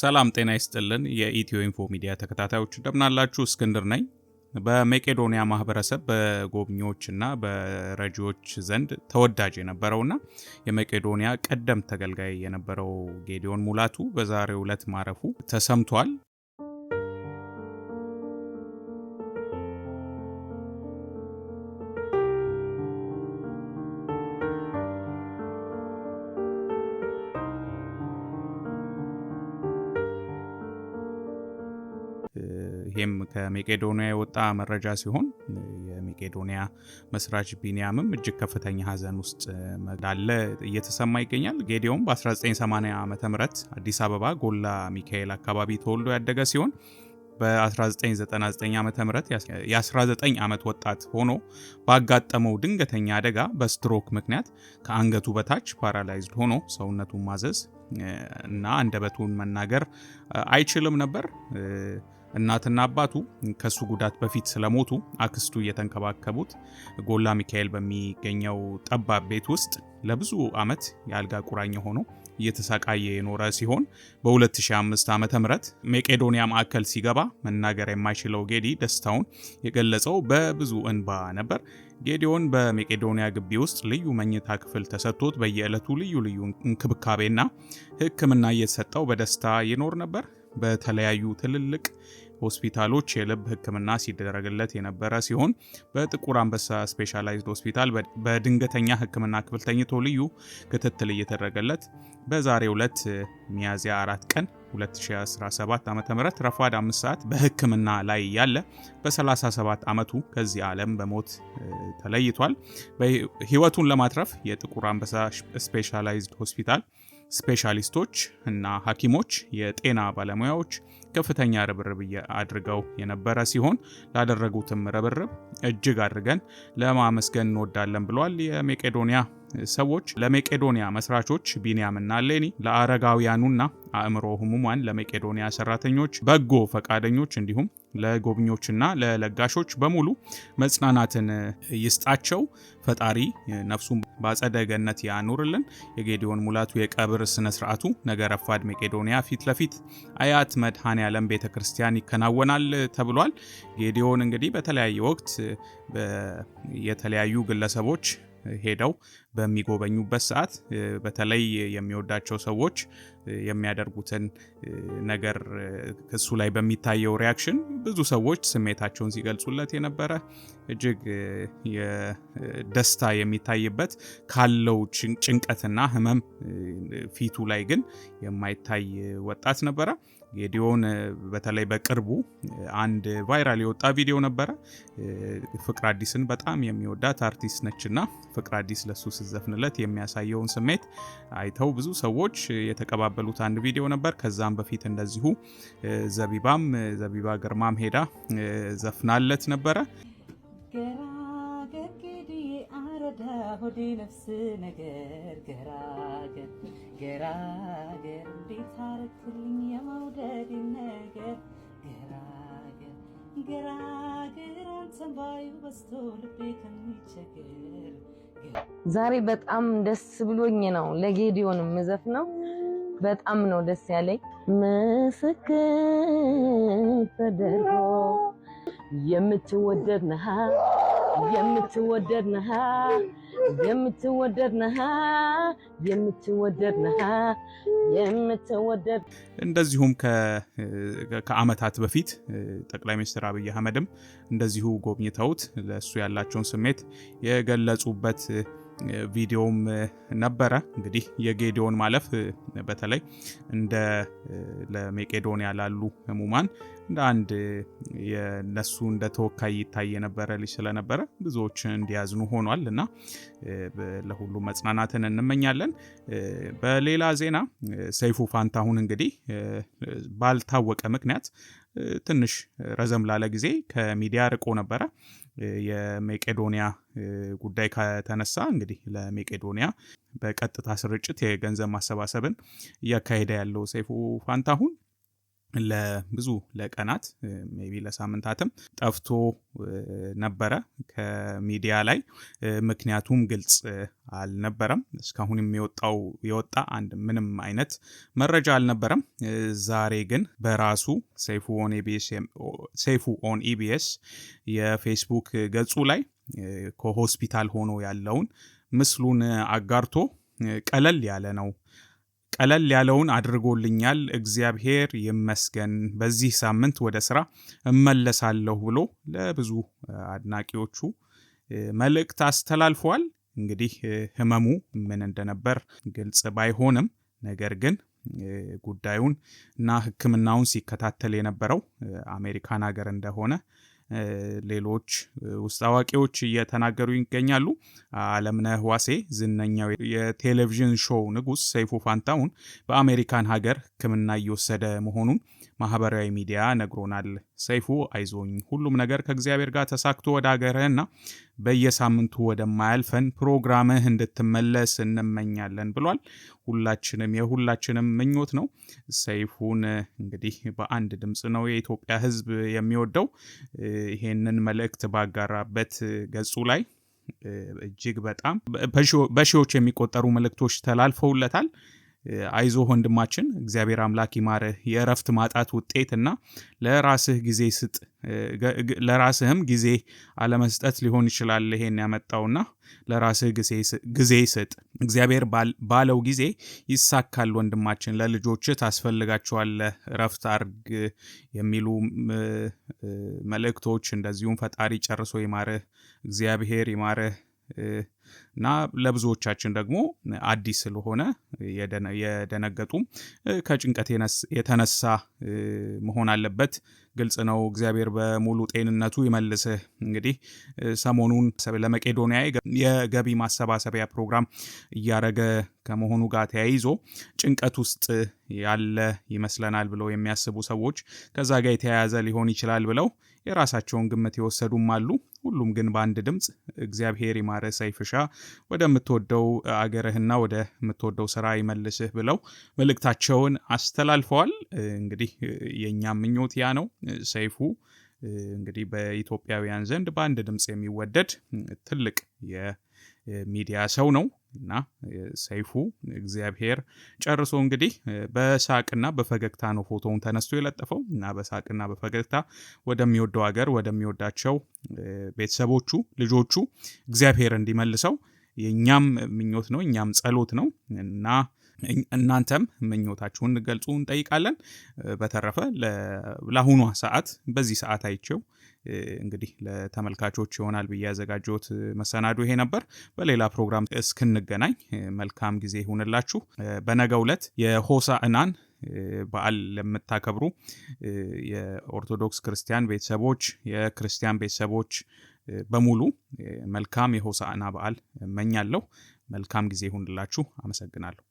ሰላም ጤና ይስጥልን። የኢትዮ ኢንፎ ሚዲያ ተከታታዮች እንደምናላችሁ፣ እስክንድር ነኝ። በመቄዶንያ ማህበረሰብ በጎብኚዎችና በረጂዎች ዘንድ ተወዳጅ የነበረውና የመቄዶንያ ቀደምት ተገልጋይ የነበረው ጌዲዮን ሙላቱ በዛሬው ዕለት ማረፉ ተሰምቷል። ይሄም ከሜቄዶንያ የወጣ መረጃ ሲሆን የሜቄዶንያ መስራች ቢንያምም እጅግ ከፍተኛ ሀዘን ውስጥ እንዳለ እየተሰማ ይገኛል። ጌዲዮም በ1980 ዓ ም አዲስ አበባ ጎላ ሚካኤል አካባቢ ተወልዶ ያደገ ሲሆን በ1999 ዓ ም የ19 ዓመት ወጣት ሆኖ ባጋጠመው ድንገተኛ አደጋ በስትሮክ ምክንያት ከአንገቱ በታች ፓራላይዝድ ሆኖ ሰውነቱን ማዘዝ እና አንደበቱን መናገር አይችልም ነበር። እናትና አባቱ ከሱ ጉዳት በፊት ስለሞቱ አክስቱ እየተንከባከቡት ጎላ ሚካኤል በሚገኘው ጠባብ ቤት ውስጥ ለብዙ ዓመት የአልጋ ቁራኛ ሆኖ እየተሰቃየ የኖረ ሲሆን በ2005 ዓ ም መቄዶንያ ማዕከል ሲገባ መናገር የማይችለው ጌዲ ደስታውን የገለጸው በብዙ እንባ ነበር። ጌዲዮን በመቄዶንያ ግቢ ውስጥ ልዩ መኝታ ክፍል ተሰጥቶት በየዕለቱ ልዩ ልዩ እንክብካቤና ሕክምና እየተሰጠው በደስታ ይኖር ነበር። በተለያዩ ትልልቅ ሆስፒታሎች የልብ ሕክምና ሲደረግለት የነበረ ሲሆን በጥቁር አንበሳ ስፔሻላይዝድ ሆስፒታል በድንገተኛ ሕክምና ክፍል ተኝቶ ልዩ ክትትል እየተደረገለት በዛሬ ዕለት ሚያዝያ አራት ቀን 2017 ዓ ም ረፋድ አምስት ሰዓት በህክምና ላይ ያለ በ37 ዓመቱ ከዚህ ዓለም በሞት ተለይቷል። ህይወቱን ለማትረፍ የጥቁር አንበሳ ስፔሻላይዝድ ሆስፒታል ስፔሻሊስቶች እና ሐኪሞች፣ የጤና ባለሙያዎች ከፍተኛ ርብርብ አድርገው የነበረ ሲሆን ላደረጉትም ርብርብ እጅግ አድርገን ለማመስገን እንወዳለን ብሏል። የመቄዶንያ ሰዎች ለመቄዶንያ መስራቾች ቢንያምና ሌኒ፣ ለአረጋውያኑና አእምሮ ህሙማን፣ ለመቄዶንያ ሰራተኞች፣ በጎ ፈቃደኞች እንዲሁም ለጎብኚዎችና ለለጋሾች በሙሉ መጽናናትን ይስጣቸው። ፈጣሪ ነፍሱን በአጸደ ገነት ያኑርልን። የጌዲዮን ሙላቱ የቀብር ስነ ስርዓቱ ነገ ረፋድ መቄዶንያ ፊት ለፊት አያት መድኃኔ ዓለም ቤተ ክርስቲያን ይከናወናል ተብሏል። ጌዲዮን እንግዲህ በተለያየ ወቅት የተለያዩ ግለሰቦች ሄደው በሚጎበኙበት ሰዓት በተለይ የሚወዳቸው ሰዎች የሚያደርጉትን ነገር እሱ ላይ በሚታየው ሪያክሽን ብዙ ሰዎች ስሜታቸውን ሲገልጹለት የነበረ እጅግ ደስታ የሚታይበት ካለው ጭንቀትና ሕመም ፊቱ ላይ ግን የማይታይ ወጣት ነበረ። ጌዲዮን በተለይ በቅርቡ አንድ ቫይራል የወጣ ቪዲዮ ነበረ። ፍቅር አዲስን በጣም የሚወዳት አርቲስት ነችና ፍቅር አዲስ ለሱ ስዘፍንለት የሚያሳየውን ስሜት አይተው ብዙ ሰዎች የተቀባበሉት አንድ ቪዲዮ ነበር። ከዛም በፊት እንደዚሁ ዘቢባም ዘቢባ ግርማም ሄዳ ዘፍናለት ነበረ። ሆዲ ነፍስ ነገር ገራገር ገራገር እንዴት አረክልኝ የመውደድ ነገር ገራገር ገራገር አንተን ባዩ በስቶ ልቤ ከሚቸገር ዛሬ በጣም ደስ ብሎኝ ነው ለጌዲዮን ምዘፍ ነው። በጣም ነው ደስ ያለኝ። ምስክር ተደርጎ የምትወደድ ነሃ የምትወደድ ነሃ የምትወደድ ነህ የምትወደድ ነህ የምትወደድ። እንደዚሁም ከአመታት በፊት ጠቅላይ ሚኒስትር አብይ አህመድም እንደዚሁ ጎብኝተውት ለእሱ ያላቸውን ስሜት የገለጹበት ቪዲዮም ነበረ። እንግዲህ የጌዲዮን ማለፍ በተለይ እንደ ለሜቄዶንያ ላሉ ህሙማን እንደ አንድ የነሱ እንደ ተወካይ ይታይ የነበረ ልጅ ስለነበረ ብዙዎች እንዲያዝኑ ሆኗል እና ለሁሉም መጽናናትን እንመኛለን። በሌላ ዜና ሰይፉ ፋንታሁን እንግዲህ ባልታወቀ ምክንያት ትንሽ ረዘም ላለ ጊዜ ከሚዲያ ርቆ ነበረ። የሜቄዶኒያ ጉዳይ ከተነሳ እንግዲህ ለሜቄዶኒያ በቀጥታ ስርጭት የገንዘብ ማሰባሰብን እያካሄደ ያለው ሰይፉ ፋንታሁን ለብዙ ለቀናት ቢ ለሳምንታትም ጠፍቶ ነበረ ከሚዲያ ላይ። ምክንያቱም ግልጽ አልነበረም። እስካሁን የሚወጣው የወጣ አንድ ምንም አይነት መረጃ አልነበረም። ዛሬ ግን በራሱ ሴፉ ኦን ኢቢኤስ የፌስቡክ ገጹ ላይ ከሆስፒታል ሆኖ ያለውን ምስሉን አጋርቶ ቀለል ያለ ነው ቀለል ያለውን አድርጎልኛል እግዚአብሔር ይመስገን፣ በዚህ ሳምንት ወደ ስራ እመለሳለሁ ብሎ ለብዙ አድናቂዎቹ መልእክት አስተላልፏል። እንግዲህ ህመሙ ምን እንደነበር ግልጽ ባይሆንም ነገር ግን ጉዳዩን እና ሕክምናውን ሲከታተል የነበረው አሜሪካን ሀገር እንደሆነ ሌሎች ውስጥ አዋቂዎች እየተናገሩ ይገኛሉ። አለምነህ ዋሴ ዝነኛው የቴሌቪዥን ሾው ንጉስ ሰይፉ ፋንታውን በአሜሪካን ሀገር ሕክምና እየወሰደ መሆኑን ማህበራዊ ሚዲያ ነግሮናል። ሰይፉ አይዞኝ፣ ሁሉም ነገር ከእግዚአብሔር ጋር ተሳክቶ ወደ ሀገርህና በየሳምንቱ ወደማያልፈን ፕሮግራምህ እንድትመለስ እንመኛለን ብሏል። ሁላችንም የሁላችንም ምኞት ነው። ሰይፉን እንግዲህ በአንድ ድምፅ ነው የኢትዮጵያ ሕዝብ የሚወደው። ይሄንን መልእክት ባጋራበት ገጹ ላይ እጅግ በጣም በሺዎች የሚቆጠሩ መልእክቶች ተላልፈውለታል። አይዞ ወንድማችን እግዚአብሔር አምላክ ይማርህ፣ የእረፍት ማጣት ውጤት እና ለራስህ ጊዜ ስጥ፣ ለራስህም ጊዜ አለመስጠት ሊሆን ይችላል ይሄን ያመጣውና ለራስህ ጊዜ ስጥ፣ እግዚአብሔር ባለው ጊዜ ይሳካል። ወንድማችን ለልጆች ታስፈልጋቸዋለህ፣ እረፍት አርግ የሚሉ መልእክቶች፣ እንደዚሁም ፈጣሪ ጨርሶ ይማርህ፣ እግዚአብሔር ይማርህ እና ለብዙዎቻችን ደግሞ አዲስ ስለሆነ የደነገጡ ከጭንቀት የተነሳ መሆን አለበት። ግልጽ ነው። እግዚአብሔር በሙሉ ጤንነቱ ይመልስህ። እንግዲህ ሰሞኑን ለመቄዶንያ የገቢ ማሰባሰቢያ ፕሮግራም እያደረገ ከመሆኑ ጋር ተያይዞ ጭንቀት ውስጥ ያለ ይመስለናል ብለው የሚያስቡ ሰዎች ከዛ ጋር የተያያዘ ሊሆን ይችላል ብለው የራሳቸውን ግምት የወሰዱም አሉ። ሁሉም ግን በአንድ ድምፅ እግዚአብሔር ይማረ ሰይፍሻ ወደምትወደው አገርህና ወደምትወደው ስራ ይመልስህ ብለው መልእክታቸውን አስተላልፈዋል። እንግዲህ የእኛም ምኞት ያ ነው። ሰይፉ እንግዲህ በኢትዮጵያውያን ዘንድ በአንድ ድምፅ የሚወደድ ትልቅ የሚዲያ ሰው ነው። እና ሰይፉ እግዚአብሔር ጨርሶ እንግዲህ በሳቅና በፈገግታ ነው ፎቶውን ተነስቶ የለጠፈው እና በሳቅና በፈገግታ ወደሚወደው ሀገር ወደሚወዳቸው ቤተሰቦቹ፣ ልጆቹ እግዚአብሔር እንዲመልሰው የእኛም ምኞት ነው፣ እኛም ጸሎት ነው እና እናንተም ምኞታችሁን ገልጹ እንጠይቃለን። በተረፈ ለአሁኗ ሰዓት በዚህ ሰዓት አይቼው እንግዲህ ለተመልካቾች ይሆናል ብዬ ያዘጋጀሁት መሰናዱ ይሄ ነበር። በሌላ ፕሮግራም እስክንገናኝ መልካም ጊዜ ይሁንላችሁ። በነገው ዕለት የሆሳዕናን በዓል ለምታከብሩ የኦርቶዶክስ ክርስቲያን ቤተሰቦች፣ የክርስቲያን ቤተሰቦች በሙሉ መልካም የሆሳዕና በዓል እመኛለሁ። መልካም ጊዜ ይሁንላችሁ። አመሰግናለሁ።